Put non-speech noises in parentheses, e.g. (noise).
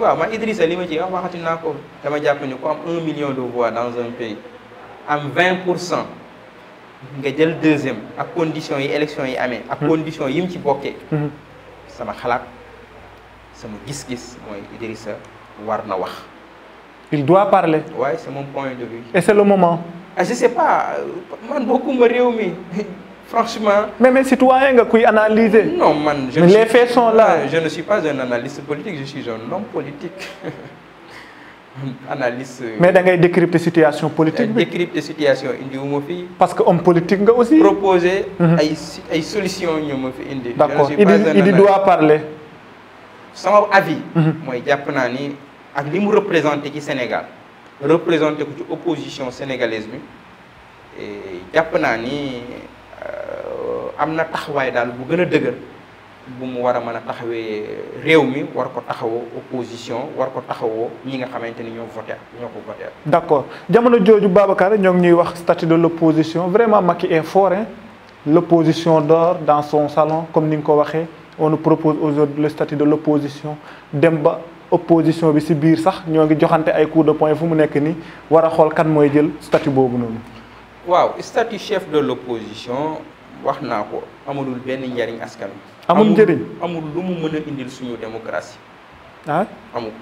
waaw man Idrissa li ma ci wax waxati naa ko dama jàpp ni ku am un million de voix dans un pays am 20% pour cent nga jël deuxième ak conditions yi élection yi amee ak hmm. conditions yi mu ci bokkee hmm. sama xalaat sama gis-gis mooy Idrissa war na wax il doit parler ouais c'est mon point de vue et c'est le moment ah je sais pas man beaucoup réew mi franchement. Mais, mais citoyens qui analysent... Non, man, je mais les faits sont là. Je ne suis pas un analyste politique, je suis un homme politique. (laughs) analyste. Euh, mais il décrypte la situation politique. décrypte la situation, Parce que homme politique aussi. Proposer une mhm. solution. solutions, D'accord. Il, doit parler. Sans avis, mm -hmm. moi, je ak qui nous représenté ci Sénégal représenté l'opposition ci sénégalaise Et amna na dal, daal bu gën a bu mu wara a taxawé réew mi war ko taxawoo opposition war ko taxawoo ñi nga xamanteni ni ñoo voté ñoo ko voté. d'accord jamono joju Babacar ñoo ngi ñuy wax statut de l'opposition. vraiment Macky est fort hein L'opposition dort dans son salon comme ni nga ko on nous propose aujourd'hui le statut de l'opposition. Demba, opposition bi ci bir sax ñoo ngi joxante ay coup de poing fu mu nekk nii war a kan moy jël statut boobu non waaw statut chef de l'opposition. wax naa ko amulul benn njariñ askan amul njëriñ amul lu mu mën a indil suñu démocratie ah amul